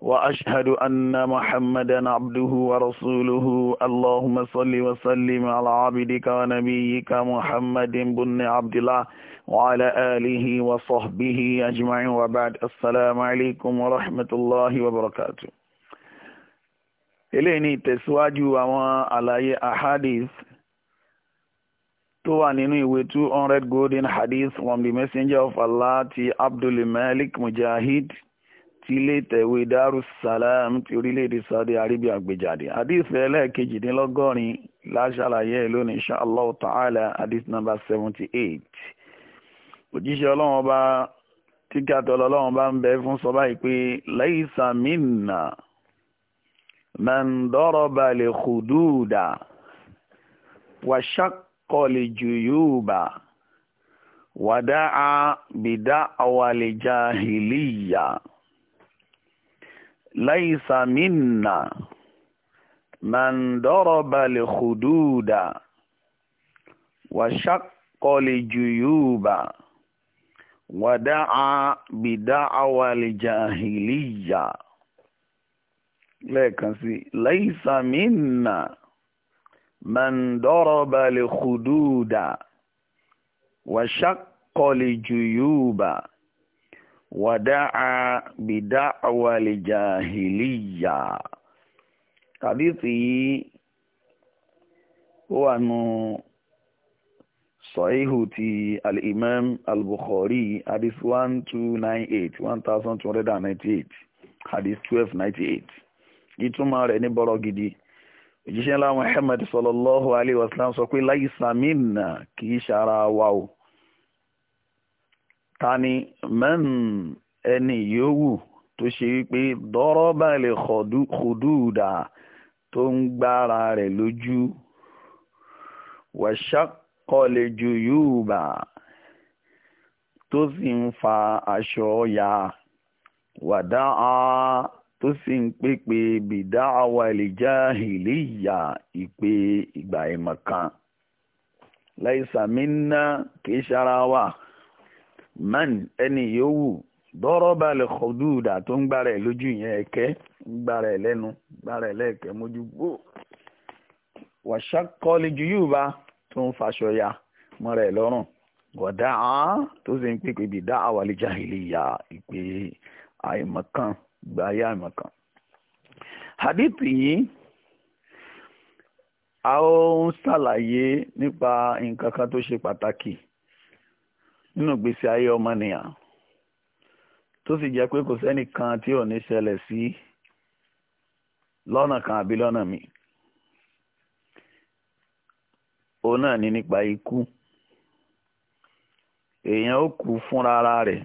وأشهد أن محمدا عبده ورسوله اللهم صل وسلم على عبدك ونبيك محمد بن عبد الله وعلى آله وصحبه أجمعين وبعد السلام عليكم ورحمة الله وبركاته eléyìí ni ìtẹ̀síwájú àwọn àlàyé ahadith tó wà nínú ìwé two hundred golden hadith from the messenger of Allah ti abdul malik mujahid ti ilé ìtẹ̀wé darussalam ti orílẹ̀-èdè saudi arabia gbéjáde hadith ẹlẹ́ẹ̀kejìdínlọ́gọ́rin láṣàlàyé lónìí insha allah ta'ala hadith number seventy eight òjíṣẹ́ ọlọ́run ọba tíkàtọ̀ ọlọ́run bá ń bẹ fún sọ báyìí pé laysa minna man daraba li khududa wa shaqqa li juyuba wa da'a bida'wa jahiliya. ليس منا من ضرب الخدود وشق الجيوب ودعا بدعوى الجاهلية لكن ليس منا من ضرب الخدود وشق الجيوب wàdáà bìdáàwàlì jàhìlìyà kàdíìtì yìí ó wà nù sọ̀híhù ti al-imam al-bukhari hadith one two hadith twelve ninety eight gidi muhammad sallallahu alayhi wa sallam sọ kì í ta ni man ẹni yòówù tó ṣe wípé dọ́rọ́bà lè kòdúùdà tó ń gbára rẹ̀ lójú wàṣàkọlẹ̀ ju yúùbà tó sì ń fa aṣọ ya wàdá a tó sì ń pèpè bìdá àwàlìjà ìléyà ìpè ìgbà ìmọ̀kan láìsàmínà kìí ṣara wà man ẹni yòówù dọ́rọ́ balẹ̀ kọ́dúdà tó ń gbára ẹ̀ lójú yẹn ẹ̀kẹ́ ń gbára ẹ̀ lẹ́nu gbára ẹ̀ lẹ́ẹ̀kẹ́ mójú gbó wàṣà kọ́lé ju yúùbá tó ń faṣọ ya mọ́ra ẹ̀ lọ́rùn wọ̀dà án tó sì ń pèpè bí dá àwàlẹ̀ jahiliya ìpè àìmọ̀kan gbáyé àìmọ̀kan. hadith yìí a ó ń ṣàlàyé nípa nǹkan kan tó ṣe pàtàkì nínú gbèsè ayé ọmọnìyàn tó sì jẹ́ pé kò sẹ́nìkan tí ò ní ṣẹlẹ̀ sí lọ́nà kan àbí lọ́nà mi òun náà ní nípa ikú èèyàn ó kú fúnra ara rẹ̀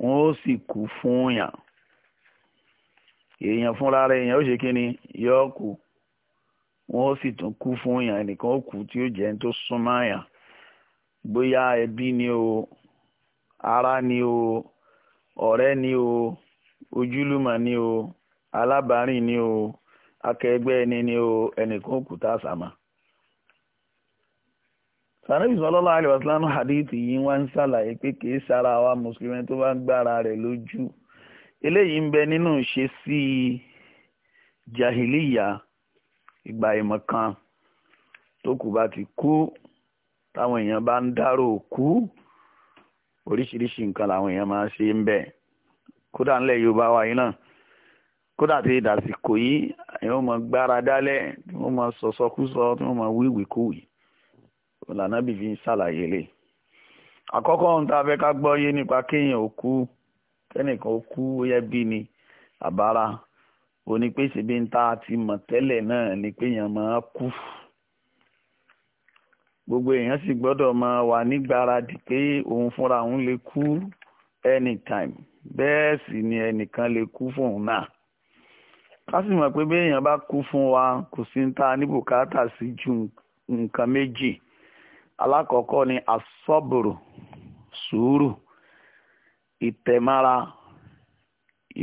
wọ́n ó sì kú fún yàn èèyàn fúnra ara èèyàn ó ṣe kí ni yọ kú wọ́n ó sì tún kú fún yàn ẹnìkan ó kú tí ó jẹ́ ń tó súnmọ́ yàn bóyá ẹbí ni o ara ni o ọ̀rẹ́ ni o ojúlùmọ̀ ni o alábàárìn ni o akẹgbẹ́ eni ni o ẹnìkan òkúta àsàmà. sànẹ́bí sallallahu alaihi wasallam hadith yìí wá ń ṣàlàyé pé kì í sára wa mùsùlùmí tó bá ń gbára rẹ̀ lójú eléyìí ń bẹ nínú ṣe sí jahiliya ìgbà ìmọ̀ kan tó kù bá ti kú táwọn èèyàn bá ń dárò kú oríṣiríṣi nǹkan làwọn èèyàn máa ṣe ń bẹ̀ kódà ńlẹ̀ Yorùbá wa yìí náà kódà tí ìdásìkò yìí àwọn ọmọ gbára dálẹ̀ tí wọ́n mọ sọ̀sọ́kúsọ tí wọ́n mọ wíwìkúwì lànà bí fi ń ṣàlàyé lè àkọ́kọ́ ohun tá a fẹ́ ká gbọ́ yé nípa kéèyàn ò kú kẹ́nìkan ó kú yẹ bí ni àbára onípèsè bí ń ta àti mọ̀ tẹ́lẹ̀ náà ni péèyàn máa kú gbogbo èèyàn sì gbọ́dọ̀ máa wà nígbàradì pé òun fúnra òun lè kú anytime bẹ́ẹ̀ sì ni ẹnìkan lè kú fún òun náà ká sì mọ̀ pé béèyàn bá kú fún wa kò sí ń ta ní bùkátà sí ju nǹkan méjì alákọ̀ọ́kọ́ ni asọ́bùrù sùúrù ìtẹ̀mára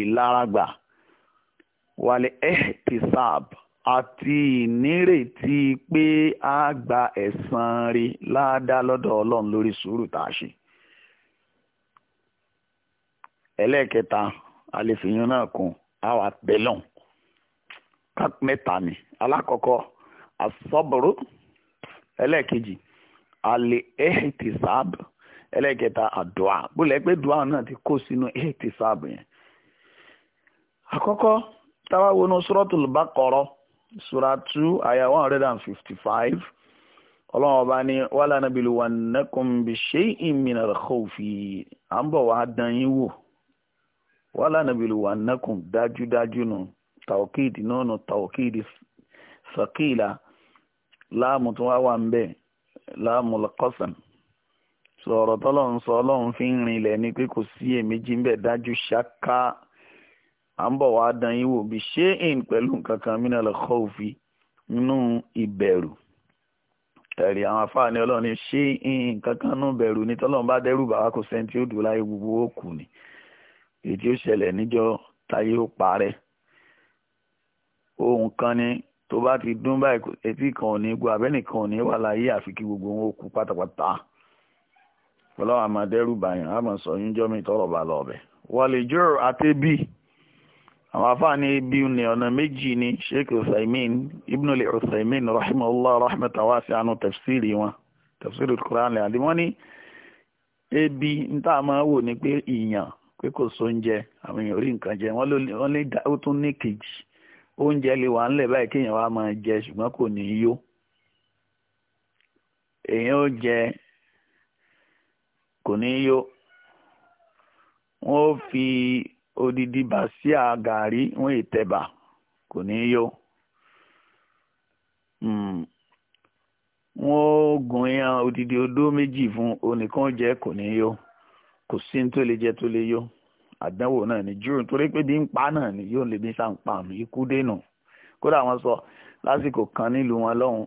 ìlaragbà wàlẹ̀ ehtisab àti ìnírètí pé a gba ẹ̀san rí ládàá lọ́dọ̀ ọlọ́run lórí sùúrù tá a ṣe. ẹlẹ́ẹ̀kẹta àlefihàn náà kún àwa bẹ́lọ̀n mẹ́ta ni alákọ̀ọ́kọ́ asọ́bùrú ẹlẹ́ẹ̀kejì alẹ́ ẹ̀hìtìsáàbù ẹlẹ́ẹ̀kẹta àdùá dùá náà ti kó sínú ẹ̀hìtìsáàbù yẹn. àkọ́kọ́ táwa wọnú suratul sura two aya one hundred and fifty five ọlọ́run ọba ní wàhálà nàbí lu wànàkùn bí ṣe ìmìnà rẹ̀kọ́fì à ń bọ̀ wá dán yín wò wàhálà nàbí lu wànàkùn dájúdájú nù tàwọ́kìdì náà nù tàwọ́kìdì sàkìlà láàmù tó wá wà ń bẹ̀ láàmù lọ́kọ̀sán sọ̀rọ̀ tọ́lọ́run sọ ọlọ́run fi ń rinlẹ̀ ni pé kò sí èméjì ń bẹ̀ dájú ṣáká à ń bọ̀ wá dán yín wò bí ṣé in pẹ̀lú nǹkan kan mínà lọ kọ́ òfin nínú ìbẹ̀rù ẹ̀rí àwọn afáàní ọlọ́run ní ṣé in nǹkan kan nínú ìbẹ̀rù tọ́lọ́run bá dẹ́rù bàbá kò sẹ́ni tí ó dùn láyé gbogbo ó kù ni èyí tí ó ṣẹlẹ̀ níjọ́ táyé ó parẹ́ ohun kan ni tó bá ti dún báyìí etí kan ò ní gbọ́ abẹ́nìkan ò ní wà láyé àfi kí gbogbo wọn ó kú pátápátá ọlọ́run àmọ́ dẹ́rù bàyàn àmọ́ sọ yín jọ́mi tọ́rọ̀ bá lọ ọbẹ̀ wọ́n jọ́rọ̀ àtẹ́bí àwọn ni ibi ní ọ̀nà méjì ni sheik usaimin ibn ali usaimin rahimahullah si anu tafsiri wọn tafsiri quran lẹ́yìn àti wọ́n ni ebi ń tá a máa wò ní pé ìyàn pé kò sóúnjẹ àwọn èèyàn orí nǹkan jẹ wọ́n lè dá ó tún ní kejì oúnjẹ lè wà ńlẹ̀ báyìí kéèyàn wá máa fi odidi bàṣíà gàrí wọn ìtẹ̀bà kò ní yó hmm. wọn ó gun yan odidi odó méjì fún onìkan jẹ kò ní yó kò sí ní tó lè jẹ tó lè yó àdánwò náà ni jùlọ torí pé bí ń pa náà ni yóò lè bí sá ń pa àmì ikú dènà kódà wọn sọ lásìkò kan nílùú wọn lọ́hùn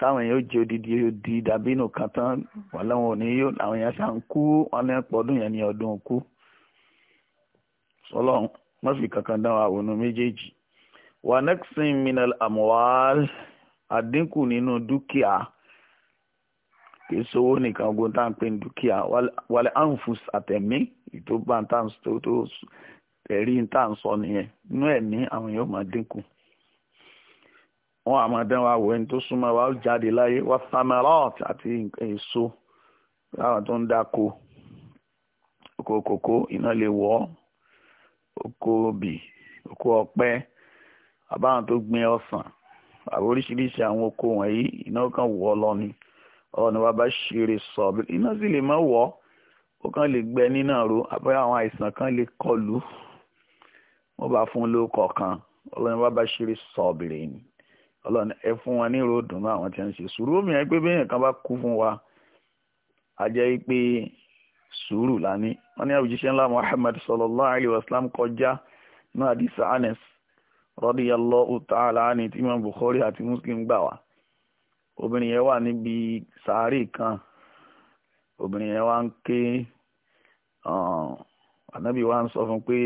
táwọn èèyàn jẹ odidi odi dàbínú kan tán wọn lọ́hùn òní yóò àwọn èèyàn sá ń kú wọn lẹ́pọ̀ ọdún yẹn ní ọdún kú sọlọ́n wọ́n fi kankan dán wa wọnú méjèèjì wà nexin minal amuwal àdínkù nínú dúkìá kì í sowó nìkan ogun tá à ń pè ní dúkìá wàlẹ̀ anfus àtẹ̀mí ìtò bá ń tàn tó tó ẹ̀rí ń tà ń sọ nìyẹn inú ẹ̀mí àwọn yóò máa dínkù wọn àmọ́ dán wa wọ ẹni tó súnmọ́ wa ó jáde láyé wà samarot àti èso láwọn tó ń dáko kòkòkò iná lè wọ̀ ọ́ oko obi oko ọpẹ àbáwọn tó gbin ọsàn oríṣiríṣi àwọn oko wọ̀nyí iná kan wọ̀ lọ ni ọ̀nà bàbá ṣeré sọ iná sì lè má wọ̀ ó kàn lè gbẹ nínà ro àbí àwọn àìsàn kan lè bá fún kan ọlọ́run bàbá ṣeré sọ bèrè ni ọlọ́run ẹ fún wọn ní ròdùnú àwọn tí wọ́n ṣe sùúrù kan bá kú fún wa a jẹ́ sùúrù lání wọ́n ní àwùjíṣẹ́ ńlá Muhammad sallallahu alayhi wa sallam kọjá náà àdìsá Anas radiyallahu ta'ala anhu tí Imam Bukhari àti Muslim gbà wá obìnrin yẹn wà níbi sàárè kan obìnrin yẹn wá ń ké ànábì wá ń sọ fún pé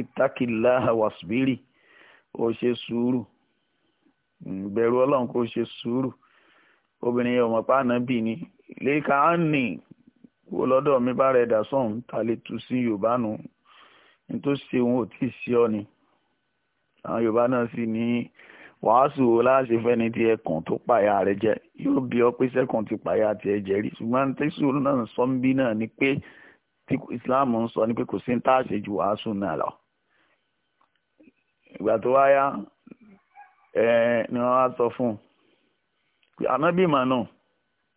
ittaqillaha wasbiri ó ṣe sùúrù bẹ̀rù ọlọ́run kó ṣe sùúrù obìnrin yẹn ò mọ̀ pé ànábì ni lẹ́ka á wo lọ́dọ̀ mi bá rẹ̀ dà sọ̀hún ta lè tu sí yorùbá nu ní tó ṣe òun ò tí ì sí ọ ni àwọn yorùbá náà sì ní wàásù láàṣẹ fẹ́ni tí ẹkùn tó pààyà rẹ̀ jẹ yóò bí ọ pé sẹ́kùn ti pààyà tiẹ̀ jẹ rí ṣùgbọ́n tẹ́sù náà sọ ń bí náà ni pé tí islam ń sọ ni pé kò sí ń táàṣe ju wàásù náà lọ ìgbà tó wáyá ẹ ni wọ́n wá sọ fún un pé ànábì náà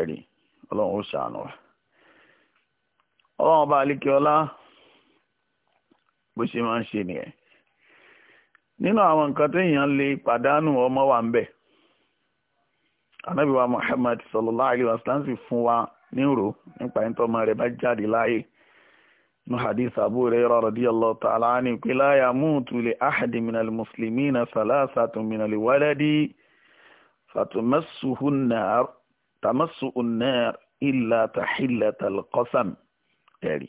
ẹ̀rí ọlọ́run ó ṣàánú wa ọlọ́run ọba alikiola bó ṣe máa ń ṣe nìyẹn nínú àwọn nǹkan téèyàn lè pàdánù ọmọ wa ń bẹ anábìwa Muhammad sallallahu alaihi wasallam sì fún wa nírò nípa ìtọ́mọ rẹ̀ bá jáde láàyè nu hadith abu rẹ́rọ radiyallahu ta'ala ní pé la yamutu li ahadi minal muslimina salasatun minal waladi fatumassuhun nar tàmásù unnar ilà tàhílà tàlùkọ́sàm ẹ̀rí.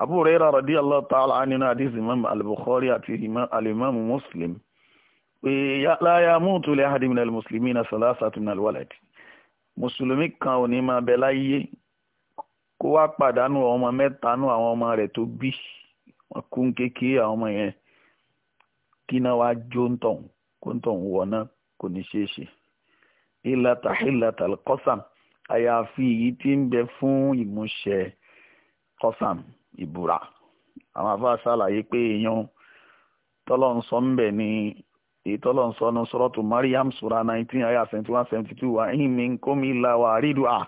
Abu Huraira radiyallahu ta'ala anhu hadith imam al-Bukhari àti al-imam Muslim pé la yamutu li ahadin minal muslimina salasatun minal walad mùsùlùmí kan ò ní máa bẹ láyé kó wá pàdánù ọmọ mẹ́ta nú àwọn ọmọ rẹ̀ tó bí wọn kún kékeré àwọn ọmọ yẹn kí náà wá jó ń tọ̀hún kó ń ilata ilata kọsam àyàfi èyí ti ń bẹ fún ìmúṣẹ kọsam ìbúra àwọn afá ṣàlàyé pé èèyàn tọ́lọ́n ń bẹ̀ Mariam sura nineteen aya seventy one seventy two wa ẹ̀yìn mi kó mi la wa rídu à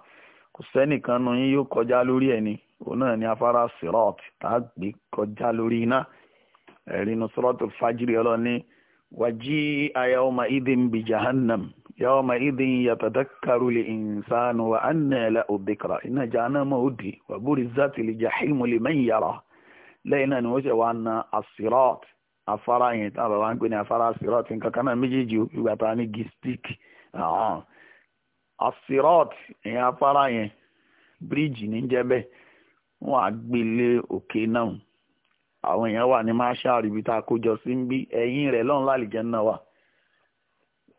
kò sẹ́nìkan nu yín yóò kọjá lórí ẹ̀ ni òun náà ni afárá sirọ́ọ̀tì tá a gbé kọjá lórí iná وجيء يومئذ بجهنم يومئذ يتذكر الإنسان وأنى له الذكرى إن جهنم ودي وبرزت الجحيم لمن يرى لأن نوجه وأن الصراط afárá yẹn táwọn bàbá ń pè ní afárá asirot nǹkan kan náà méjèèjì ìgbà tá a ní gistik asirot ìyẹn afárá yẹn bíríìjì ní jẹ́ bẹ́ẹ̀ wọ́n á gbélé òkè náà àwọn èèyàn wà ní marshal ibi tá a kójọ sí ń bí ẹ̀yìn rẹ̀ lọ́run náà wà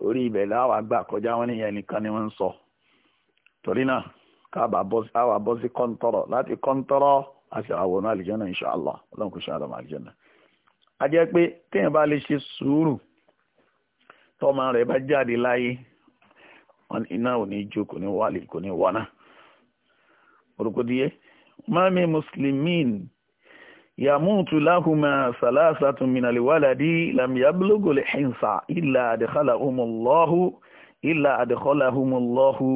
orí ibẹ̀ láwa gbà kọjá wọn nìyẹn nìkan ni wọ́n ń sọ torí náà káàbà bọ́ sí kọ́ńtọ́rọ̀ láti kọ́ńtọ́rọ̀ a àwọn náà ọlọ́run kò náà. a jẹ́ pé téèyàn bá lè ṣe sùúrù tọ́mọ rẹ̀ bá jáde láyé iná ò ní jó kò ní kò ní mami muslimin yàmútu láhùmá sàlásàtún mìnàlíwàládì làmìyàbílógòlè ẹ̀ǹsà ìlà àdìkọ́là ọmọlọ́hù ìlà àdìkọ́là ọmọlọ́hù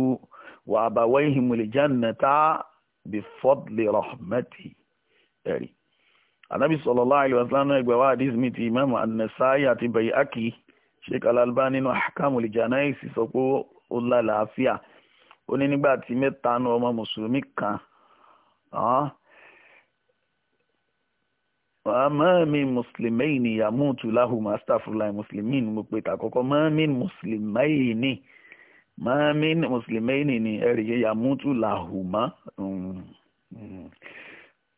wà àbàwọ̀ ìhìmùlẹ̀jánnàtà bífọ́dlì rọ̀hmẹ́tì ẹ̀rí. anabi sallallahu alaihi wasallam ẹgbẹ́ wa hadith mi ti imam an-nasai àti bayhaqi sheikh al-albani nínú ahkamul janais sọ pé ó lálàáfíà ó ní nígbà tí mẹ́ta nu ọmọ mọ́mí mùsùlùmí ni yamutu lahuma astaghfirullah mùsùlùmí ni mo pe tàkọ́kọ́ mọ́mí mùsùlùmí ni mọ́mí mùsùlùmí ni ẹ̀rí yamutu lahuma um,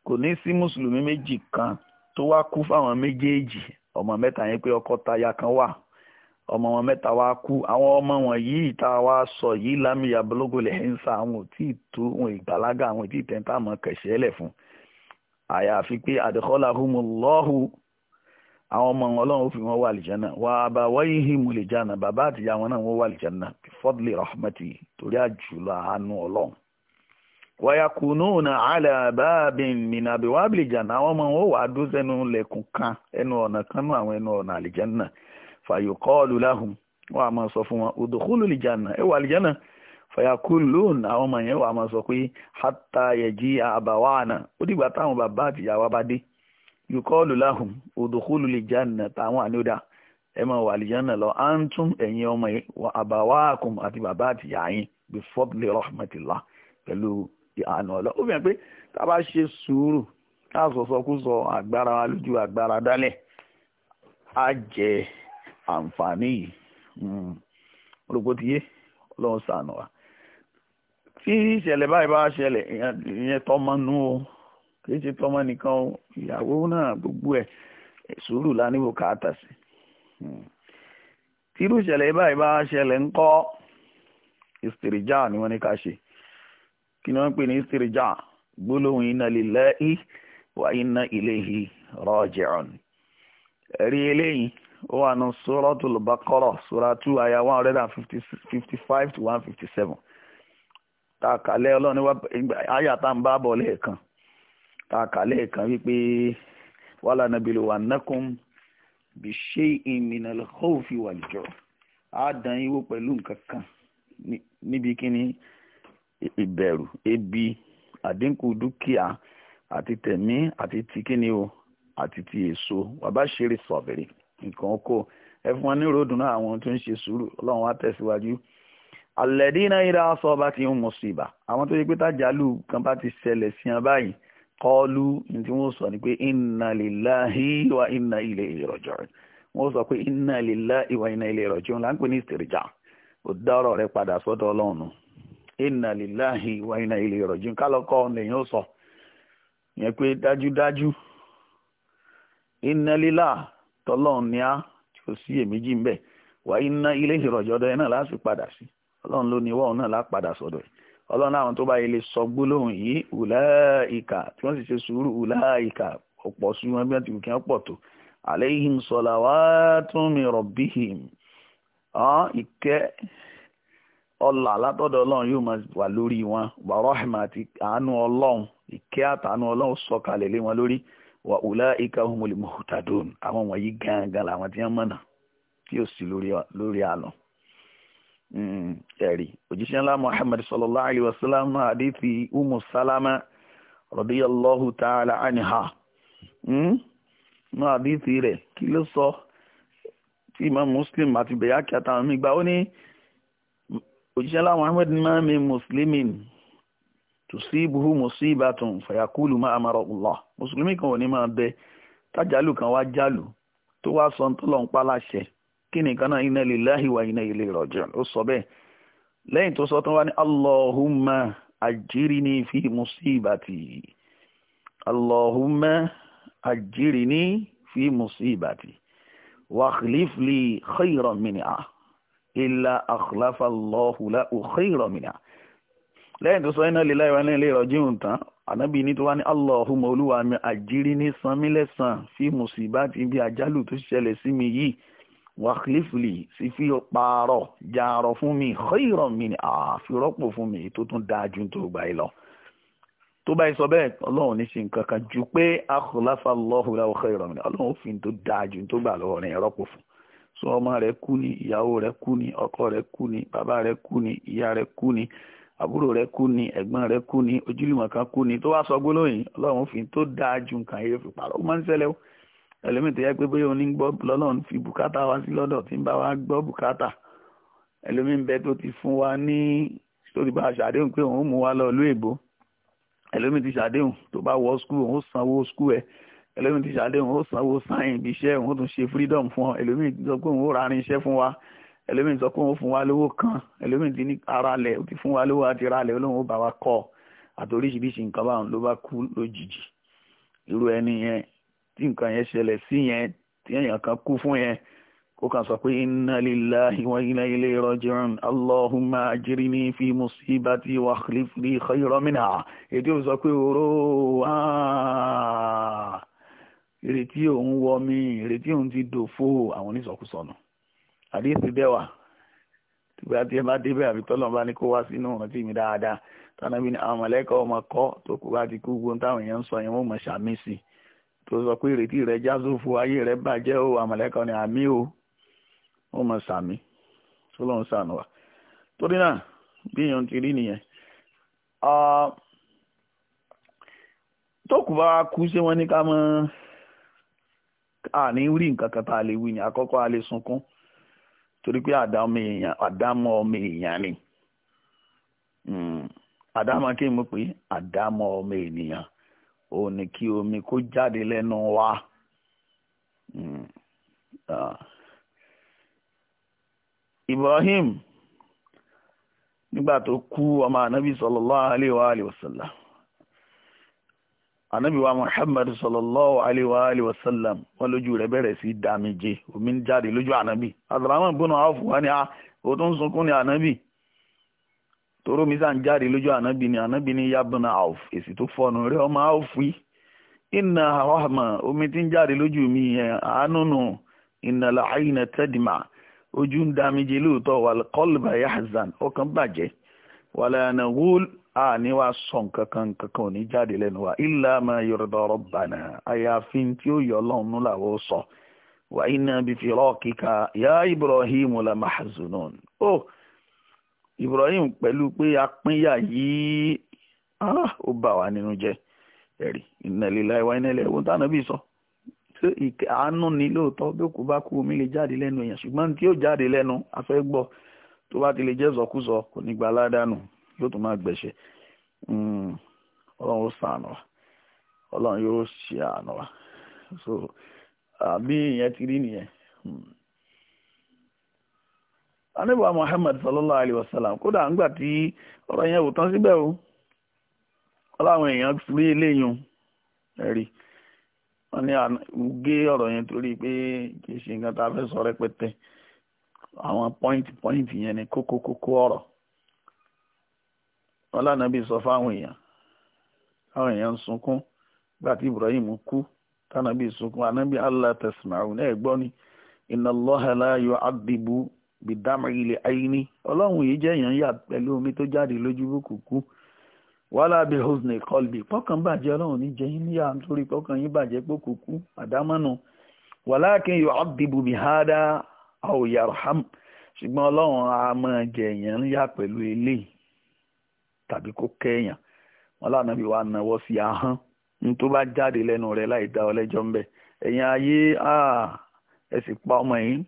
kò ní sí mùsùlùmí méjì kan tó wá kú fáwọn méjèèjì ọmọ mẹ́ta yẹn pé ọkọ táyà kan wà ọmọ wọn mẹ́ta wá kú àwọn ọmọ wọn yìí tá a wá sọ yìí lámìyà bológo lè ń àwọn ò tí ì tó wọn ìgbàlágà àwọn ò tí ì tẹ́ńtà mọ́ kẹ̀ṣẹ́lẹ̀ fún un àyàfi pé adkhalahumullahu àwọn ọmọ ọlọ́run fi wọ́n wà lìjánà wà abawayhim lè jánà bàbá àtìyá wọn náà wọ́n wà lìjánà fadli rahmati torí àjùlọ àánú ọlọ́run wa yakununa ala babin min abwabil janna àwọn ọmọ wọn wà dúró sẹ́nu lẹ́kùn kan ẹnu ọ̀nà kan náà àwọn ẹnu ọ̀nà àlìjánà fa yuqalu lahum wọn àmọ́ sọ fún wọn udkhulul janna ẹ wà lìjánà fayakulun àwọn ọmọ yẹn wà máa sọ pé hatta yẹjí àbáwáàna ó dìgbà táwọn bàbá àtìyàwó bá dé yukọọlù láhùn òdòkúlù lè jáàna táwọn àníọ́dà ẹ máa wà lìjánà lọ à ń tún ẹ̀yin ọmọ yẹn wà àbáwáàkùn àti bàbá àtìyà yín bí fọ́bìlì rahmatillah pẹ̀lú àánú ọlọ́ ó fihàn pé tá a bá ṣe sùúrù ká sọ̀sọkúsọ agbára wa lójú agbára dálẹ̀ á jẹ àǹfààní yìí hmm. rògbòdìyẹ ọlọ́run ṣàánú wa tí ìṣẹ̀lẹ̀ báyìí bá ṣẹlẹ̀ ìyẹn tọmọ nú o kì í ṣe tọmọ nìkan o ìyàwó náà gbogbo ẹ̀ sùúrù lánìwò káàtà sí hmm. tírú ìṣẹ̀lẹ̀ báyìí bá ṣẹlẹ̀ ń kọ́ ìsìrìjà ni wọ́n ní ká ṣe kí ni wọ́n ń pè ní ìsìrìjà gbólóhùn inna lillahi wa inna ilayhi raji'un ẹ̀rí eléyìí ó wà ní suratul Baqarah sura two aya one hundred and fifty five to one fifty seven tá a kà lẹ́ ọlọ́run wá àyà tá à ń bá bọ̀ lẹ́ẹ̀kan tá a kà lẹ́ẹ̀kan wípé wàhálà nàbìlì wà nàkùn bí ṣe ìmìnàlẹ̀ hóòfì wà jọ á dán yín wò pẹ̀lú nǹkan kan níbi kíní ìbẹ̀rù ebi àdínkù dúkìá àti tẹ̀mí àti ti kíní o àti ti èso wàbá ṣeré sọ̀bẹ̀rẹ̀ nǹkan kó ẹ fún wọn ní ròdùn náà àwọn tó ń ṣe sùúrù ọlọ́run wá tẹ̀síwájú. alẹ́dínà ìdá aṣọ bá ti ń mú sí ibà àwọn tó yẹ pé tájàlú kan bá ti ṣẹlẹ̀ sí báyìí kọlu ní tí wọ́n sọ ni pé inna lillahi wa inna ilayhi raji'un wọ́n sọ pé inna lillahi wa inna ilayhi raji'un là ń pè ní rẹ padà sọ́dọ̀ ọlọ́run ó sọ yẹn pé dájúdájú tí ó èméjì ń bẹ̀ wà ọlọ́run ló ní ìwọ náà lápadà sọ́dọ̀ ẹ̀ ọlọ́run àwọn tó bá yẹ lè sọ gbólóhùn yìí wùlá ìkà tí wọ́n sì ṣe sùúrù wùlá ìkà ọ̀pọ̀ sí wọn bí wọ́n ti kí wọ́n pọ̀ tó àléhìm sọ̀là wá tún mi rọ̀bìhìm ìkẹ́ ọlà látọ̀dọ̀ ọlọ́run yóò máa wà lórí wọn wà rọ́hìmà àti àánú ọlọ́run ìkẹ́ àtàánú ọlọ́run sọ̀kalẹ̀ lé wọn lórí wà wùlá ìkà humul muhtadun àwọn wọ̀nyí gangan làwọn tí wọ́n mọ̀nà tí ò sí lórí àlọ́ Mm, ẹ̀rí òjíṣẹ́ ńlá muhammad sallallahu alayhi wa sallam hadithi umu salama radiyallahu ta'ala anha mm, náà hadithi rẹ̀ kí ló sọ tí imam muslim àti bayaki àtàwọn mi gbà ó ní òjíṣẹ́ ńlá muhammad ma min muslimin tusibuhu musibatun fayakulu ma amara Allah mùsùlùmí kan ò ní máa bẹ tájálù kan wá jalu tó wá sọ ń tọ́lọ́ ń pa láṣẹ kí nìkan náà inna lillahi wa inna ilayhi raji'un ó sọ bẹ́ẹ̀ lẹ́yìn tó sọ tán wá ní allahumma ajirni fi musibati allahumma ajirni fi musibati wa akhlif li khayran minha illa akhlafa Allahu lahu khayran minha lẹ́yìn tó sọ iná lè láìwá ní ilé ìrọ̀jíhùn tán ànábì ní tó wá ní allahumma olúwa mi àjírí ní sanmílẹ̀sàn fi musibati bí àjálù tó ṣẹlẹ̀ sí mi yìí wàhálífìlì sì fi pààrọ̀ jàrọ̀ fún mi xeyìrọ̀ mi ni àfirọ́pò fún mi tó tún dáa ju tó gbà yìí lọ tó bá yìí sọ bẹ́ẹ̀ ọlọ́run ní ṣe nǹkan kan ju pé akhlafa Allahu lahu khayran min ọlọ́run fi tó dáa ju tó gbà lọ́wọ́ rẹ̀ rọ́pò fún so ọmọ rẹ̀ kú ni ìyàwó rẹ̀ kú ni ọkọ rẹ̀ kú ni bàbá rẹ̀ kú ni ìyá rẹ̀ kú ni àbúrò rẹ̀ kú ni ẹ̀gbọ́n rẹ̀ kú ni ojúlùmọ̀ kan kú ni tó wá sọ gbólóyìn ọlọ́run fi tó dáa ju nǹkan yẹn fi pààrọ̀ ó máa ń ṣẹlẹ̀ o ẹlòmíì tó yẹ pé bóyá òní gbọ́ lọ́lọ́run fi bùkátà wá sí lọ́dọ̀ tí ń bá wa gbọ́ bùkátà ẹlòmíì ń bẹ tó ti fún wa ní tó ti bá a ṣàdéhùn pé òun mú wa lọ ìlú èbó ẹlòmíì ti ṣàdéhùn tó bá wọ skul òun sanwó skul ẹ ẹlòmíì ti ṣàdéhùn ó sanwó sáyìn ibi iṣẹ́ òun tún ṣe freedom fún ọ ẹlòmíì sọ pé òun ó ra irinṣẹ́ fún wa ẹlòmíì sọ pé òun fún wa lówó kan ẹlòmíì ti ní ara lẹ̀ ó ti fún wa lówó àti ra lẹ̀ olóhùn ó bá wa kọ́ àti nǹkan báwọn ló bá kú lójijì irú ẹni yẹn tí nǹkan yẹn ṣẹlẹ̀ sí yẹn tí èèyàn kan kú fún yẹn kó kàn sọ pé inna lillahi wa inna ilayhi raji'un allahumma ajirni fi musibati wa akhlif li khayran minha èdè ò sọ pé oró ìrètí òun wọ mi ìrètí òun ti dòfo àwọn onísọkúsọnù àdéhùn dẹwà tìgbà tí ẹ bá débẹ̀ àbí tọ́lọ́n bá ní kó wá sínú ọ̀ràn tí mi dáadáa tọ́nà bí ní àwọn mọ̀lẹ́kọ̀ ọmọ tó kú bá ti kú gbóhùn táwọn èèyàn ń sọ yẹn wọ́n mọ̀ ṣàmì sí i tó sọ pé ìrètí rẹ jásófo ayé rẹ bàjẹ́ o àmọ̀lẹ́kọ̀ ni àmì o ó mọ̀ sàmì tó lọ́n sànù wa bí rí nìyẹn tó kù bá kú wọn ní ká àní rí nǹkan kan a lè wí ni àkọ́kọ́ a lè sunkún torí pé àdámọ́ ọmọ èèyàn ni hmm. àdámọ́ kí n pé àdámọ́ òun ni kí omi kó jáde lẹ́nu wa hmm. Ibrahim nígbà tó kú ọmọ ànábì sallallahu alaihi wa sallam ànábì wa Muhammad sallallahu alaihi wa sallam wọn lójú rẹ̀ bẹ̀rẹ̀ sí dàmíje omi ń jáde lójú ànábì Abdurrahman ibn Awf wá ní a ah, ó tún sunkún ní ànábì toro mi sàn jáde lójú ànábì ni ànábì ni yabana auf èsì tó fọnù rẹ ọmọ auf yìí iná àwàmà omi tí ń jáde lójú mi yẹn àánú nù iná làáyìnà tẹ́dìmà ojú ń damijé lóòótọ́ wà kọ́lùbà yahzan ọkàn bàjẹ́ wàlànà wúl àní wa sọ nǹkan kan nǹkan kan ò ní jáde lẹ́nu wa ilà má yorùbá bànà àyàfi tí ó yọ ọlọ́run làwọn sọ wà iná bìfìrọ̀ kíkà yá ibrahim la mahzunun. Oh, Ibrahim pẹ̀lú pé apínyà yìí ah, ó bà wá nínú jẹ́ ẹ̀rí ìnàlélá ìwà ìnàlẹ̀ ẹ̀wọ̀n tánà bí sọ àánú ni lóòótọ́ bí òkú bá kú omi lè jáde lẹ́nu èèyàn ṣùgbọ́n tí yóò jáde lẹ́nu afẹ́ gbọ́ tó bá ti lè jẹ́ sọkúsọ kò ní gba aládàánù yóò tún máa gbẹ̀ṣẹ̀ hmm, ọlọ́run ó sàánù wa ọlọ́run yóò ṣe àánú wa so àbí ìyẹn ti rí nìyẹn. Hmm anábìwá Muhammad sallallahu alayhi wa sallam kódà ńgbà tí ọ̀rọ̀ yẹn wò tán síbẹ̀ o ọláwọn èèyàn rí eléyìn ẹ̀rí wọ́n ní gé ọ̀rọ̀ yẹn torí pé kì í ṣe nǹkan tá a fẹ́ sọ rẹpẹtẹ àwọn pọ́ìntì pọ́ìntì yẹn ni kókó kókó ọ̀rọ̀ wọn lánàá bí sọ fáwọn èèyàn àwọn èèyàn ń sunkún gbà tí Ibrahim kú tánàbí sunkún anábì Allah tasma'un náà gbọ́ ni inna Allaha la yu'adhibu bìdámẹ́rì ilẹ̀ àìní ọlọ́run yìí jẹ́ èèyàn yà pẹ̀lú omi tó jáde lójú búkúkú wàhálà bí hosni kọlbì pọ́kàn bàjẹ́ ọlọ́run ní jẹ́ yín níyà nítorí pọ́kàn yín bàjẹ́ pọ́kúkú àdámọ́nù wàlákin yóò ádìbò mi hádà àwòyàrham ṣùgbọ́n ọlọ́run a máa jẹ èèyàn níyà pẹ̀lú eléyìí tàbí kó kẹ́yàn wọn lànà bí wàá náwó sí ahọ́n ní tó bá jáde lẹ́nu rẹ̀ láì dá ọ lẹ́jọ́ ńbẹ ẹ̀yin ayé ah, ẹ sì pa ọmọ yìí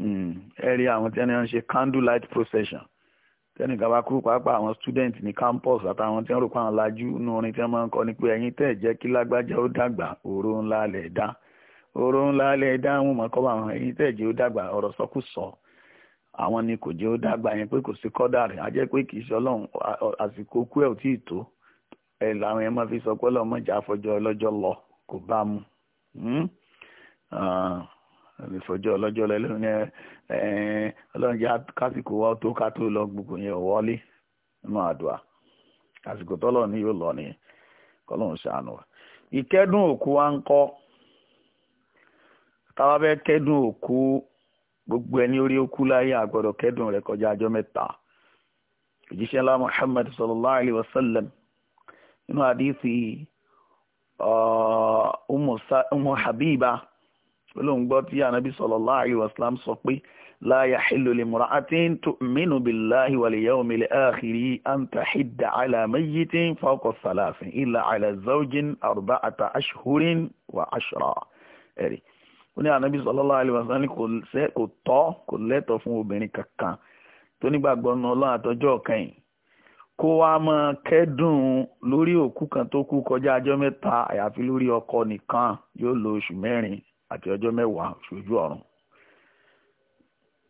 Hmm. ẹ rí àwọn tí wọ́n ń ṣe candle light procession tẹnìkan bá kú pàápàá àwọn student ní campus àtàwọn tí wọ́n rò pé àwọn lajú inú orin tí wọ́n máa ń kọ ni pé ẹ̀yin tẹ́ jẹ́ kí lágbájá ó dàgbà òró ńlá lẹ̀ dá òró ńlá lẹ̀ dá wọn mọ̀ kọ́ bá àwọn ẹ̀yin tẹ́ jẹ́ ó dàgbà ọ̀rọ̀ sọkúsọ àwọn ni kò jẹ́ ó dàgbà yẹn pé kò sí kọ́dàrí a jẹ́ pé kì í ṣe ọlọ́run àsìkò kú ẹ̀ ò tí ì tó ẹ̀ làwọn yẹn máa fi sọ pé ọlọ́mọjà àfọjọ́ ọlọ́jọ́ lọ kò bá mu hmm. ah. ìfọjọ́ ọlọ́jọ́ lẹ́lẹ́rìn ẹ̀ ọlọ́run jẹ́ kásìkò wa tó ká tó lọ gbogbo yẹn wọlé nínú àdúrà àsìkò tọ́lọ̀ ni yóò lọ kọ́lọ́run ṣàánú ìkẹ́dùn òkú gbogbo ẹni orí òkú láyé àgbọ̀dọ̀ kẹ́dùn rẹ̀ kọjá ajọ́ Muhammad sallallahu alayhi wa sallam nínú àdìsí uh, Habiba. olóhùn gbọ́ tí anabi sallallahu alaihi wasallam sọ pé la yahillu limra'atin tu'minu billahi wal yawmil akhiri an tahidda ala mayyitin fawqa salasin illa ala zawjin arba'ata ashhurin wa ashra ẹ̀rí ó ní anabi sallallahu alaihi wasallam kò tọ́ kò lẹ́tọ̀ fún àti ọjọ́ mẹ́wàá ṣojú ọ̀run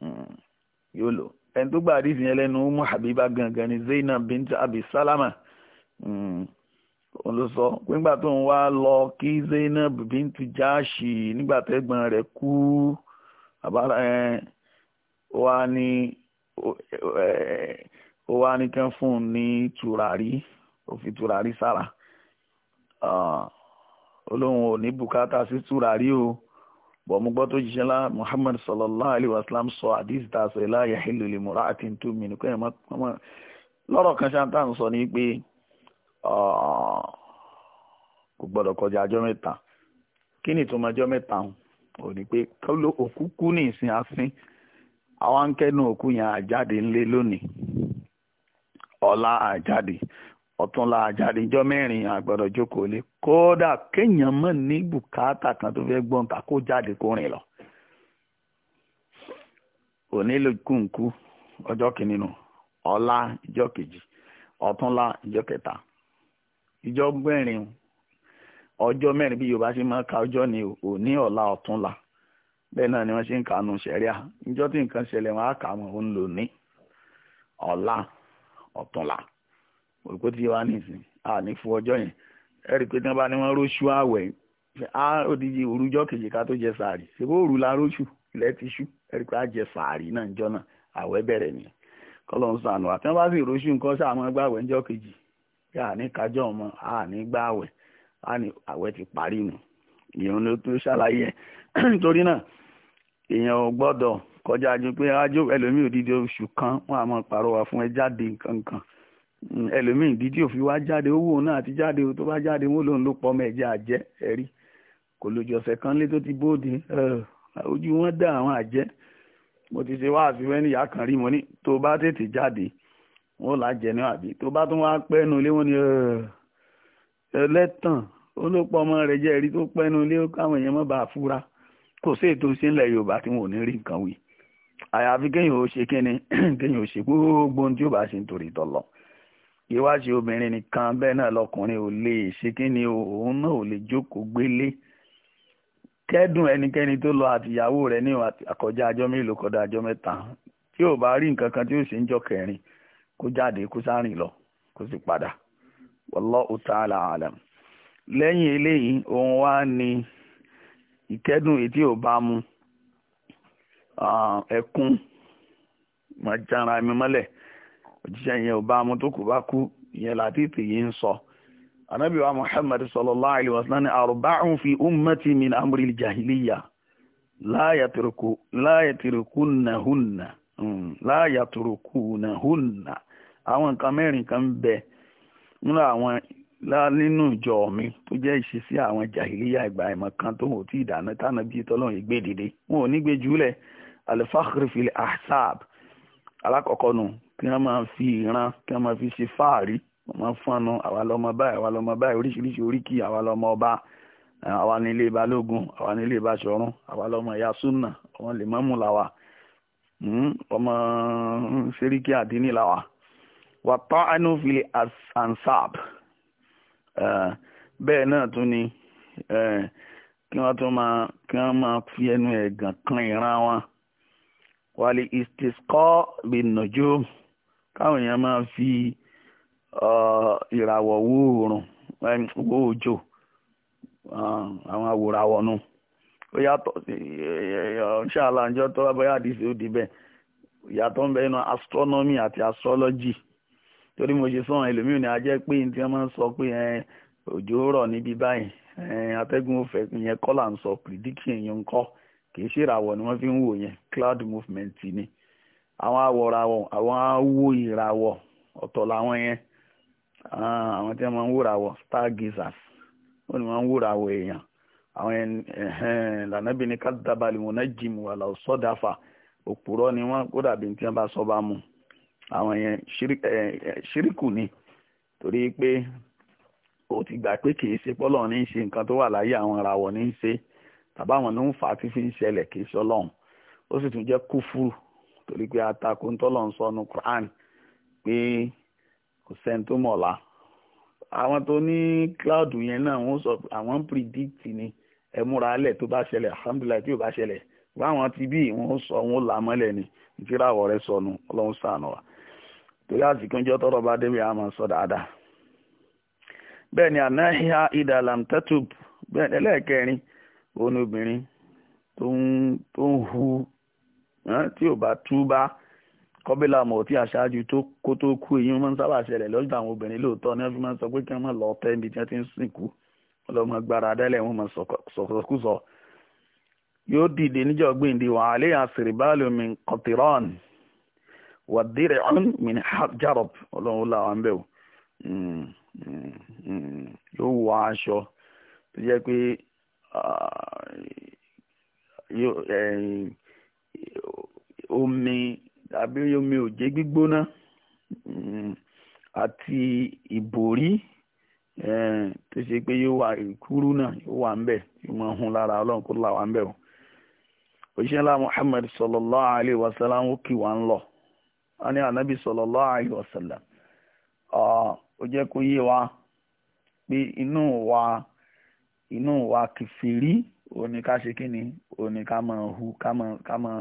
hmm, yóò lò ẹni tó gba àdìsí yẹn lẹ́nu umu habiba gangan ni zainab bint abi salama hmm, òun ló sọ pé nígbà tó ń wá lọ kí zainab bint jashi nígbà tẹ́gbọ́n rẹ̀ kú àbára ẹ̀ wá ní ó wá ní kán fún un ní tùràrí ó tùràrí sára olóhùn ah, ò ní bùkátà sí tùràrí o. Uh, bọ̀ mo gbọ́ tó jíṣẹ́ lá muhammad sallallahu alayhi wa sallam sọ àdìsí tá a sọ ilá yahilu li mura'atin tu'minu kẹ́yìn mọ́ lọ́rọ̀ kan ṣáà ń sọ ní pé kò gbọ́dọ̀ kọjá ọjọ́ mẹ́ta kí ni ìtumọ̀ ọjọ́ mẹ́ta ò ní pé kọ́ló òkú kú ní ìsìn asín àwọn akẹ́nu ọ̀túnla àjàdíjọ́ mẹ́rin àgbọ̀dọ̀ jókòó lé kódà kéèyàn mọ̀ ní bùkátà kan tó fẹ́ gbọ́n kó jáde kó rìn lọ. onílò kùnkù ọjọ́ kìíní nù ọ̀la kejì kẹta ọjọ́ mẹ́rin bí yorùbá ṣe máa ka ọjọ́ ni òní ọ̀la bẹ́ẹ̀ náà ni wọ́n ṣe ń sẹ́ríà tí nǹkan ṣẹlẹ̀ wọn á òkú ti wá nìsín a ní fún ọjọ́ yẹn ẹ rí i pé tí wọ́n bá ní wọ́n róṣù àwẹ̀ á òdìjì òrújọ́ kejì ká tó jẹ sàárì ṣèbó òru la róṣù ilẹ̀ ti ṣú ẹ rí i pé á jẹ sàárì náà jọ náà àwẹ̀ bẹ̀rẹ̀ nìyẹn kọ́lọ̀ ń sànù àti wọ́n bá sì róṣù nǹkan sáàmọ́ gbàwẹ̀ ńjọ́ kejì pé àní kájọ́ ọmọ àní gbàwẹ̀ àní àwẹ̀ ti parí nù ìyẹn ló tó ṣàlàyé nítorí náà èèyàn ò gbọ́dọ̀ kọjá ju pé ájò ẹlòmíì òdìdí oṣù kan wọn àmọ́ pàrọwà fún ẹ jáde nǹkan kan Mm, ẹlòmíì dídí ò fi wá jáde owó náà àti jáde tó bá jáde wọn lòun ló pọmọ ẹ̀jẹ̀ àjẹ́ ẹ̀rí kò lójú ọ̀sẹ̀ kan lé tó ti bóde ojú wọn dá àwọn àjẹ́ mo ti ṣe wá àfihàn ìyá kan rí mo ní tó bá tètè jáde wọn là jẹ ní àbí tó bá tún wá pẹ́nu ilé wọn ni ẹlẹ́tàn olóòpọ̀ ọmọ rẹ̀ jẹ́ ẹ̀rí tó pẹ́nu ilé káwọn èèyàn mọ́ bá a fúra kò sí ètò ìṣẹ̀lẹ̀ Yorùbá tí wọn ò ní rí nǹkan wí àyàfi kéèyàn ó ṣe kéèyàn ó ṣe gbogbo ohun tí ó bá ṣe nítorí tọ́lọ́ ìwáṣẹ̀ obìnrin nìkan bẹ́ẹ̀ náà lọkùnrin ò lè ṣe kí ni òun náà ò lè jókòó gbélé kẹ́dùn ẹnikẹ́ni tó lọ àtìyàwó rẹ̀ ní àkọjá ajọ́ mélòó kọ́dá ajọ́ mẹ́ta tí ò bá rí nǹkan kan tí ó ṣe ń jọ kẹrin kó jáde kó sárìn lọ kó sì padà wallahu ta'ala alam lẹ́yìn eléyìí òun wá ní mu ẹkún jára òjíṣẹ́ yẹn ò bá mu tó kù bá kú ìyẹn látìtì yìí ń sọ anabi wa muhammad sallallahu alayhi wa sallam arba'un fi ummati min amri jahiliya la yatruku la yatrukunahunna mm, la yatrukunahunna àwọn nǹkan mẹ́rin kan bẹ nínú àwọn nínú ìjọ mi tó jẹ́ ìṣesí àwọn jahiliya ìgbà ìmọ̀ kan tó hàn tí ìdáná tánà bíi tọ́lọ́run ìgbé dìde wọn ò ní gbé jùlẹ̀ al ahsab alákọ̀ọ́kọ́ nu kí wọ́n máa fi ìran kí wọ́n máa fi ṣe fáàrí wọ́n máa fọ́nnu àwa lọ́mọ báyìí àwa lọ́mọ báyìí oríṣiríṣi oríkì àwa lọ́mọ ọba àwa nílé balógun àwa nílé baṣọ̀run àwa lọ́mọ ìyá súnà ọmọ lèmọ́mù làwà hmm, ọmọ sẹ́ríkì àdínní làwà wà tán anúfilẹ̀ ansab bẹ́ẹ̀ náà tún ni kí wọ́n tún máa kí wọ́n máa fi ẹnu ẹ̀gàn kan ìran wọn. wàlí istisqa bin nujum káwọn èèyàn máa fi ìràwọ̀ wo oòrùn wo òjò àwọn awòràwọ̀ nu ó yàtọ̀ ṣáàlà tó bá báyà si ó dìbẹ̀ yàtọ̀ ń bẹ inú astronomy àti astrology torí mo ṣe ẹlòmíràn ni a jẹ́ pé sọ pé òjò rọ̀ níbi báyìí atẹ́gùn òfẹ́ yẹn kọ́ là ń sọ prediction kì í ṣèràwọ̀ ni wọ́n fi ń wò yẹn cloud movement ni àwọn awọ̀ràwọ̀ àwọn awo ìràwọ̀ ọ̀tọ̀ làwọn yẹn àwọn tí wọ́n máa ń wòràwọ̀ stargazers wọ́n ni wọ́n ń wòràwọ̀ èèyàn àwọn lànàbí ni kádàbà lìwọ̀n náà jìm wà láwù sọ́dáfà òpùrọ́ ni wọ́n kó dàbí tí wọ́n bá sọ bá mu àwọn yẹn ṣíríkù ni torí pé ó ti gbà pé kì í ṣe pọ́lọ́ ní í ṣe nǹkan tó wà láyé àwọn ìràwọ̀ ní í ṣe tàbá àwọn ló ń fà á tí fi ń ṣẹlẹ̀ kì í ṣọlọ́run ó sì tún jẹ́ kúfúrú torí pé atako ń tọ́lọ̀ ń sọnu Quran pé kò sẹ́ni tó mọ̀lá àwọn tó ní cloud yẹn náà wọ́n sọ àwọn ń predict ni ẹ múra alẹ̀ tó bá ṣẹlẹ̀ alhamdulilayi tí ò bá ṣẹlẹ̀ báwọn ti bí wọ́n sọ wọ́n là mọ́lẹ̀ ni ìtìràwọ̀ rẹ sọnù ọlọ́run ṣàánú wa torí àsìkò ń jẹ́ tọ́rọ bá débi bẹ́ẹ̀ ni àná ìhà ìdàlàm bẹ́ẹ̀ ni ẹlẹ́ẹ̀kẹrin ó ní obìnrin tó ń tó ń hu tí ò bá túbá kọ́bílà mọ̀ tí aṣáájú tó kó tó kú èyí máa ń sábà ṣẹlẹ̀ lọ́jọ́ àwọn obìnrin lóòótọ́ ni wọ́n fi máa ń sọ pé kí wọ́n máa lọ tẹ́ ibi tí wọ́n ti ń sìnkú ọlọ́mọ gbára adẹ́lẹ̀ wọn máa sọ̀kọ̀sọ̀ yóò dìde níjọ́ gbìndín wà á lé àṣìrìbáàlù min qatiran wà dìrẹ̀ ọ̀n min jarab ọlọ́run làwọn bẹ̀ wò yóò wọ aṣọ tó jẹ́ pé omi àbí omi òjé gbígbóná mm, àti ìbòrí tó ṣe pé yóò wà ìkúrú náà yóò wà ń yóò máa hun lára ọlọ́run kó là wà o òṣìṣẹ́ ńlá Muhammad sallallahu alaihi wasallam kì wá ń lọ a ní anabi sallallahu alaihi wasallam ó jẹ́ kó yé wa pé inú wa. inú wa kìfèrí òní ká ṣe kí ni òní ká mọ̀ hu ká mọ̀ ká mọ̀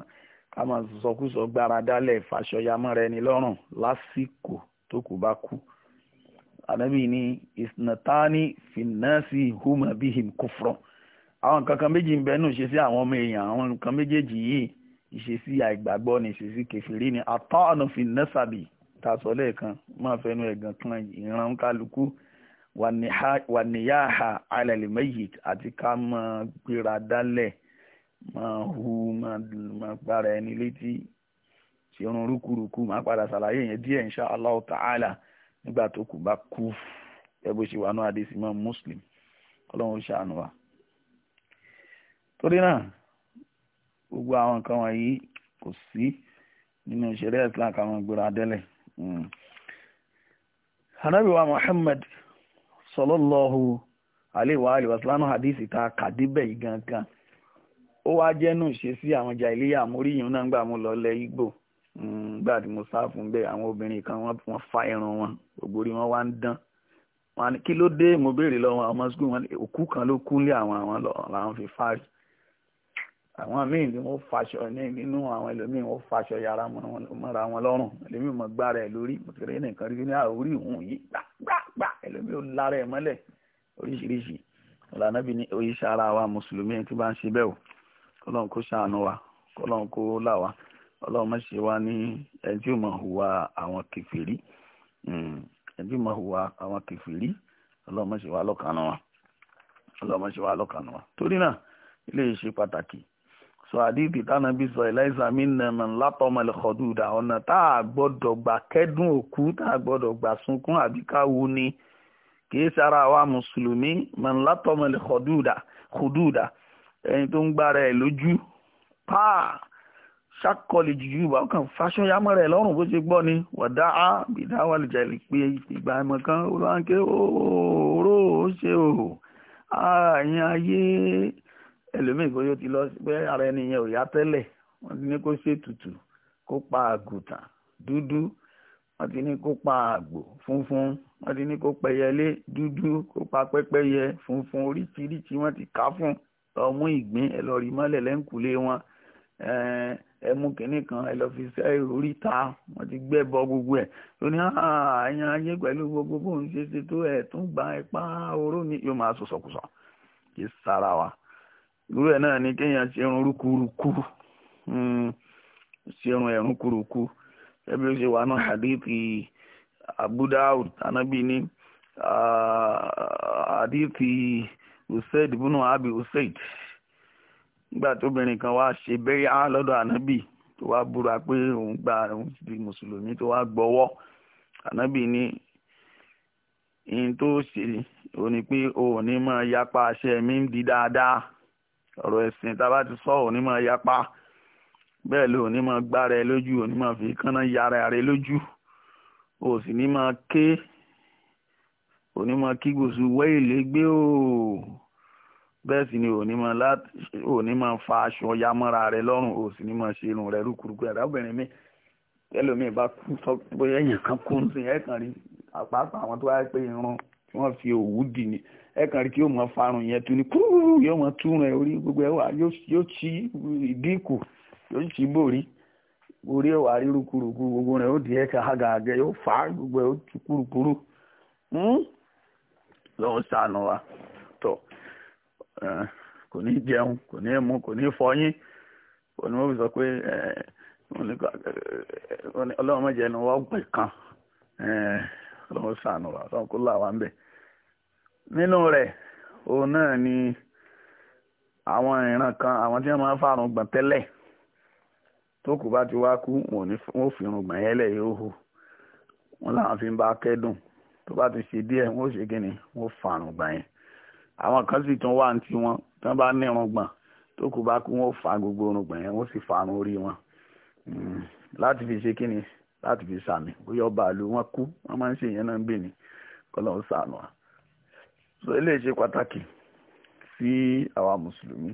ká mọ̀ sọkúsọ gbára dálẹ̀ fàṣọyàmọ́ rẹ ní lọ́rùn lásìkò tó kù bá kú ànábì ní ìsìnàtàní fìnnásì huma bihim kufrọ̀ àwọn kankan méjì ń bẹ nù ṣe sí àwọn ọmọ èèyàn àwọn nǹkan méjèèjì yìí ìṣesí àìgbàgbọ́ ni ìṣesí kẹfìrí ni àtọ́ọ̀nù fìnnásàbì tá a sọ máa fẹnu ẹ̀gàn kan ìran kálukú wàníyàhà alẹ́lẹ́ méjìd àti ká máa gbéra dálẹ̀ máa hu máa gbára ẹni létí tí irun rúkúrúkú máa padà ṣàlàyé yẹn díẹ̀ insha Allah ta'ala nígbà tó kù bá kú ẹgbẹ́ ṣe wà náà àdéhùn Imam Muslim ọlọ́run ṣàánú wa. torí náà gbogbo àwọn nǹkan wọ̀nyí kò sí nínú ìṣeré Islam káwọn gbéra dálẹ̀. Hmm. Ànábì wa Muhammad sọlọ́lọ́hu aléwà àlèwàsílámù hadisi ta kàdébẹ̀ yìí gangan ó wá jẹ́nu ṣe sí àwọn jàìlíyà àmóríyìn náà gbà mú lọ lẹ Ìgbò hmm, gbà tí mo sá fún bẹ́ẹ̀ àwọn obìnrin kan wọ́n fa irun wọn ògbórí wọn wá ń dán wọn kí ló dé mo béèrè lọ́wọ́ àwọn skul wọn òkú kan ló kúnlé àwọn àwọn làwọn fi fárí àwọn míì ni wọ́n faṣọ nínú àwọn ẹlòmíì wọ́n faṣọ yàrá mọ́ra wọn lọ́rùn ẹlòmíì mọ gbára ẹ lórí mo ti rí nìkan rí ní àwòrí òun yìí gbà ẹlòmíì ò lára ẹ̀ mọ́lẹ̀ oríṣiríṣi ọ̀làná bí ní oríṣi ara wa mùsùlùmí tí bá ń ṣe bẹ́ẹ̀ o kọ́lọ́n kó ṣàánú wa kọ́lọ́n kó là wa ọlọ́run má ṣe wá ní ẹni tí ó mọ̀ hùwà àwọn kèfèrí hmm, ẹni tí ó mọ̀ hùwà àwọn kèfèrí ọlọ́run má ṣe wá lọ́kànnà wa ọlọ́run má ṣe wá lọ́kànnà wa torí náà ilé yìí ṣe pàtàkì sọ àdìdì tánàbí sọ ẹlẹ́sà mi nàmà látọ̀ mọ̀lẹ́kọ̀dúdà ọ̀nà tá a gbọ́dọ̀ gbà kẹ́dùn òkú tá a gbọ́dọ̀ gbà sunkún àbíkáwo ni kìí sára àwa mùsùlùmí mọ̀nlátọ́mọ̀lì kọ̀dúdà kọ̀dúdà ẹni tó ń gbára ẹ̀ lójú páà ṣàkọlì jùjú bá kàn fásán yámọ́ rẹ̀ lọ́rùn bó ṣe gbọ́ ni wọ̀dá á bìdá wà lè jẹ̀lì pé ìgbà ìmọ̀ kan olóńké òórò ó ṣe o àyàn ayé ẹlòmíì kò yóò ti lọ pé ara ẹni yẹn ò yá tẹ́lẹ̀ wọ́n ti ní kó ṣètùtù kó pa àgùntàn dúdú wọ́n ti ní kó pa àgbò funfun wọ́n ti ní kó pẹyẹlé dúdú kó pa pẹ́pẹ́yẹ funfun oríṣiríṣi wọ́n ti kà fún lọ mú ìgbín ẹ lọ rí mọ́lẹ̀ lẹ́ńkùlé wọn ẹ mú kinní kan ẹ lọ fi ṣe orí ta wọ́n ti gbẹ́ bọ gbogbo ẹ̀ tó ní àyàn ayé pẹ̀lú gbogbo bóun ṣe ṣe tó ẹ̀ tún gba ẹ̀pá oró ni yóò máa sọ̀sọ̀kùsọ̀ kì í sára wa irú ẹ̀ náà ni kéèyàn ṣe irun rúkúrúkú hmm, ṣe irun ẹ̀rún kúrúkú ẹbí ó ṣe wà náà hadithi Abu Dawud anabi ni hadithi usaid ibùnú abi usaid nígbà tóbìnrin kan wá ṣe bẹ́rẹ̀ á lọ́dọ̀ anabi tó wá búra pé òun gba òun ti di mùsùlùmí tó wá gbọ́wọ́ anabi ní ihun tó ṣe ò ní pé o ò ní máa yapa àṣẹ mi ń di dáadáa ọ̀rọ̀ ẹ̀sìn tá a bá ti sọ ò ní máa yapa bẹ́ẹ̀ ló ní máa gbára ẹ lójú ò ní máa fi kánná yára rẹ lójú ò sì ní máa ké ò ní máa kí gbòsù wẹ́ẹ̀lẹ́ gbé o bẹ́ẹ̀ sì ni ò ní máa láti ò ní máa fa aṣọ ya mọ́ra rẹ lọ́rùn ò sì ní máa ṣe irun rẹ rúkúrúkú ẹ̀dá obìnrin mi ẹlòmíì bá kú sọ pé ẹ̀yìn kan kú ń sìn ẹ̀kan rí àpáàpá àwọn tó wáyé pé irun tí wọ́n fi òwú dì ní ẹ̀kan rí kí yóò máa farun yẹn tu ni kúrú yóò máa túrun ẹ̀ orí gbogbo ẹ̀ wà yóò ṣí ìdínkù yóò sì borí orí ẹwà ríru kurukuru gbogbo rẹ̀ ó di ẹ̀ka àgàgà yóò fà á gbogbo ẹ̀ ó ti kurukuru hmm? lọ́wọ́ sànù wa tọ̀ kò ní jẹun kò ní mu kò ní fọyín kò ní wọ́n sọ pé ọlọ́run mọ̀jẹ̀ ni wọ́n pè kan lọ́wọ́ sànù wa ọlọ́run kó là wá ń bẹ̀ nínú rẹ̀ òun náà ni àwọn ìran kan àwọn tí wọ́n máa ń fàrùn gbọ̀n tẹ́lẹ̀. tó kù bá ti wá kú wọn ò fi irun gbọ̀n yẹn lẹ̀ yóò hù wọn làwọn fi ń bá kẹ́dùn tó bá ti ṣe díẹ̀ wọn ò ṣe kí ni wọn ò fàrùn gbọ̀n yẹn àwọn kan sì tún wà ní tiwọn tí wọn bá ní irun gbọ̀n tó kù bá kú wọn ò fa gbogbo irun gbọ̀n yẹn wọn ò sì fàrùn orí wọn hmm, láti fi ṣe kí ni láti fi sàmì bóyá ọba àlù wọn kú wọn máa ń ṣe ìyẹn náà ń bè ní kọlọ sànù wa so eléyìí ṣe pàtàkì sí àwa mùsùlùmí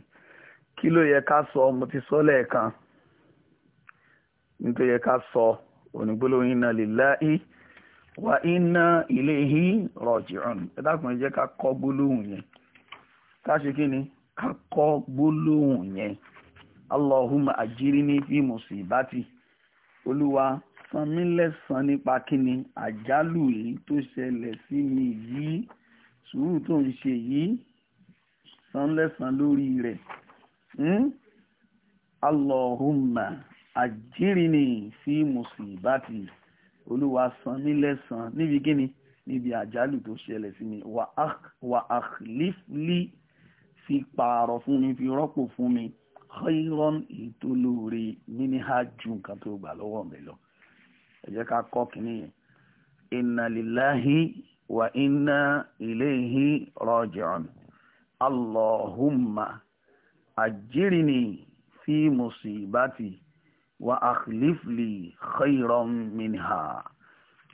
kí ló yẹ ká sọ mo ti sọ lẹ́ẹ̀kan nítorí yẹ ká sọ onígbólóhùn inna lillahi wa inna ilayhi raji'un ẹ dákun jẹ́ ká kọ́ gbólóhùn yẹn ká ṣe kí ni ká kọ́ gbólóhùn yẹn allahumma fi olúwa san mí lẹ́san nípa kíni àjálù yìí tó ṣẹlẹ̀ sí mi yìí sùúrù tó ń ṣe yìí san lẹ́san lórí rẹ̀ hmm? allahumma àjírìnì fi musibati olúwa san mí lẹ́san níbi kíni níbi àjálù tó ṣẹlẹ̀ sí mi wà àhlíflì fi pààrọ̀ fún mi fi rọ́pò fún mi khayran ìtòlóore mínìhà ju nǹkan tó gbà lọ́wọ́ mi lọ ẹ ká kọ́ kínní yẹn inna lillahi wa inna ilayhi allahumma àjírìnì fi musibati wa akhlifli khayran minha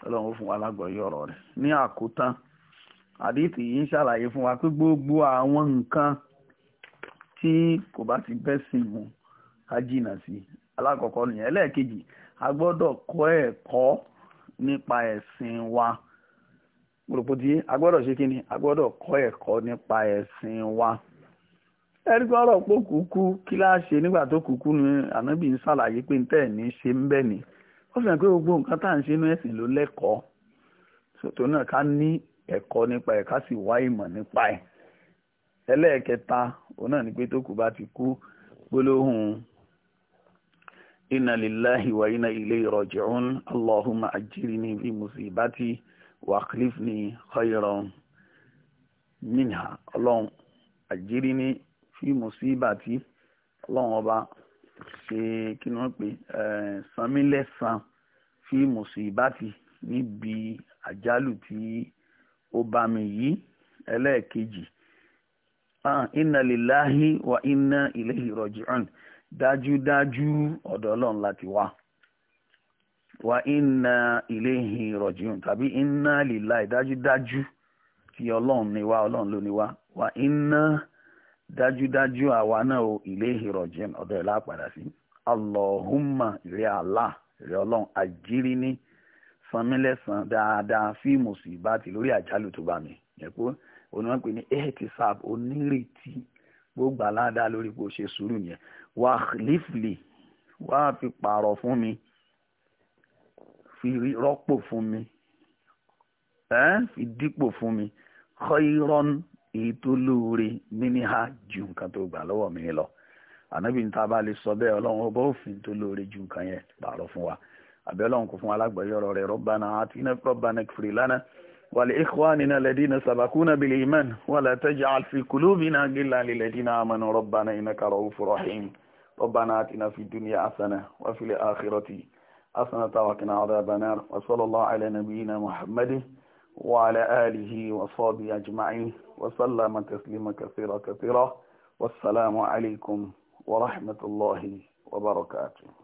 ọlọ́run fún wa lágbọ̀ọ́yé ọ̀rọ̀ rẹ̀ ní àkótán àdìtì yìí ń ṣàlàyé fún wa pé gbogbo àwọn nǹkan tí kò bá ti bẹ́ sí mu ká jìnnà sí alákọ̀ọ́kọ́ nìyẹn ẹlẹ́ẹ̀kejì a gbọ́dọ̀ kọ́ ẹ̀kọ́ nípa ẹ̀sìn wa gbọ́dọ̀ ṣe kí ni a gbọ́dọ̀ kọ́ ẹ̀kọ́ nípa ẹ̀sìn wa ẹni kuku ọ̀rọ̀ pé kúkú kí láá ṣe nígbà tó kúkú ni ànábì ń ṣàlàyé pé ń tẹ̀ ní ṣe ń bẹ̀ ni ó fi hàn pé gbogbo nǹkan tá à ń ṣe inú ẹ̀sìn ló lẹ́kọ̀ọ́ sòtò náà ká ní ẹ̀kọ́ nípa ẹ̀ ká sì wá ìmọ̀ nípa ẹ̀ ẹlẹ́ẹ̀kẹta òun náà ni pé tó kù bá ti kú gbólóhùn inna lillahi wa inna ilayhi raji'un allahumma ajirni fi musibati wa akhlifni khayran ọlọ́run àjírí sí mùsíbà tí ọlọ́run ọba ṣe kí ni wọ́n pè sanmílẹ̀sán fi mùsíbà tí níbi àjálù tí ó bá mi yìí ẹlẹ́ẹ̀kejì ah, inna lillahi wa inna ilayhi raji'un dájúdájú ọ̀dọ̀ ọlọ́run láti wá wa inna ilayhi raji'un tàbí inna lillahi dájúdájú tí ọlọ́run ni wá ọlọ́run ló ni wá wa inna dájúdájú àwa náà o ilayhi rajim ọ̀dọ̀ ẹ̀ lápadà sí allahumma ìrẹ́ allah ìrẹ́ ọlọ́run àjírí ní sanmílẹ̀sán dáadáa fíìmù sí ìbátì lórí àjálù tó bá mi yẹ pé onímọ̀ pé ní ehtisab onírètí gbogbo aládàá lórí bó ṣe sùúrù yẹn wà lífìlì wà fi pààrọ̀ fún mi fi rọ́pò fún mi ẹ́ fi dípò fún mi khayran èyí tó lóore mímíhà ju nǹkan tó gbà lọ́wọ́ mi lọ ànábì ní tá a bá lè sọ bẹ́ẹ̀ ọlọ́run ọba òfin tó lóore ju nǹkan yẹn pààrọ̀ fún wa àbẹ́ ọlọ́run kò fún wa alágbàáyọ̀rọ̀ rẹ̀ rọ́bànà àti iná rọ́bànà kìfìrì lánàá wàlẹ̀ ìkwánina lẹ́dínà sàbàkúnà bìlì imán wàlẹ̀ tẹ́jà àfi kùlùmínà gíla lẹ́dínà iná kàrọ̀ òfurọ̀hìn ربنا آتنا في الدنيا حسنة وفي الآخرة حسنة وسلم تسليما كثيرا كثيرا والسلام عليكم ورحمة الله وبركاته